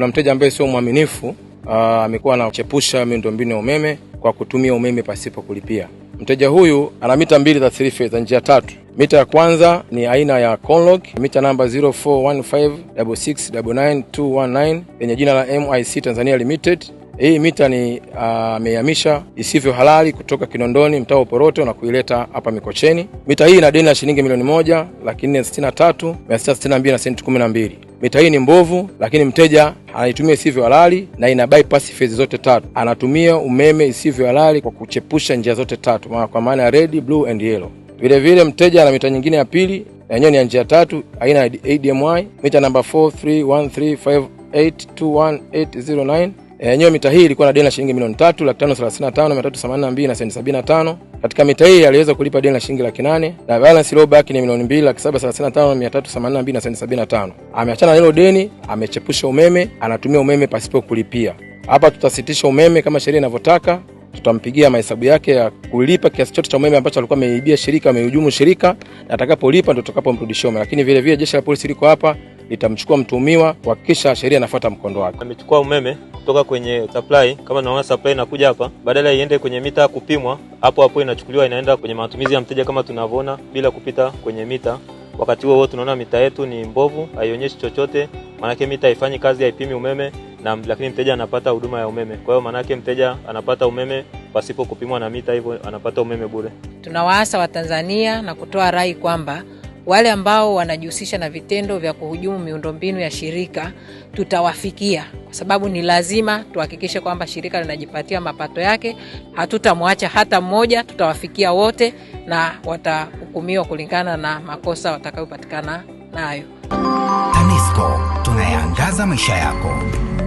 kuna mteja ambaye sio mwaminifu ah, amekuwa anachepusha miundombinu ya umeme kwa kutumia umeme pasipo kulipia. Mteja huyu ana mita mbili za sirife za njia tatu. Mita ya kwanza ni aina ya Conlog mita namba 0415669219 yenye jina la MIC Tanzania Limited. Hii mita ni ah, amehamisha uh, isivyo halali kutoka Kinondoni mtaa wa na kuileta hapa Mikocheni. Mita hii ina deni la shilingi milioni moja lakini 63 na na senti mita hii ni mbovu, lakini mteja anaitumia isivyo halali na ina bypass phase zote tatu. Anatumia umeme isivyo halali kwa kuchepusha njia zote tatu, kwa maana ya red, blue and yellow. Vilevile mteja ana mita nyingine ya pili na yenyewe ni ya njia tatu aina ya ADMI mita namba 43135821809 Yenyewe eh, mita hii ilikuwa na deni la shilingi milioni 3 laki 5 35 382 na senti 75. Katika mita hii aliweza kulipa deni la shilingi laki 8 na balance iliyobaki ni milioni 2 laki 7 35 382 na senti 75. Ameachana na hilo deni, amechepusha umeme, anatumia umeme pasipo kulipia. Hapa tutasitisha umeme kama sheria inavyotaka, tutampigia mahesabu yake ya kulipa kiasi chote cha umeme ambacho alikuwa ameibia shirika, amehujumu shirika, na atakapolipa ndio tutakapomrudishia umeme. Lakini vile vile jeshi la polisi liko hapa litamchukua mtuhumiwa kuhakikisha sheria inafuata mkondo wake. Amechukua umeme kutoka kwenye supply. Kama naona supply inakuja hapa, badala iende kwenye mita kupimwa, hapo hapo inachukuliwa inaenda kwenye matumizi ya mteja, kama tunavyoona, bila kupita kwenye mita. Wakati huo tunaona mita yetu ni mbovu, haionyeshi chochote, maanake mita haifanyi kazi, haipimi umeme na lakini mteja anapata huduma ya umeme. Kwa hiyo maanake mteja anapata umeme pasipo kupimwa na mita, hivyo anapata umeme bure. Tunawaasa Watanzania na kutoa rai kwamba wale ambao wanajihusisha na vitendo vya kuhujumu miundombinu ya shirika tutawafikia, kwa sababu ni lazima tuhakikishe kwamba shirika linajipatia mapato yake. Hatutamwacha hata mmoja, tutawafikia wote na watahukumiwa kulingana na makosa watakayopatikana nayo. TANESCO tunayaangaza maisha yako.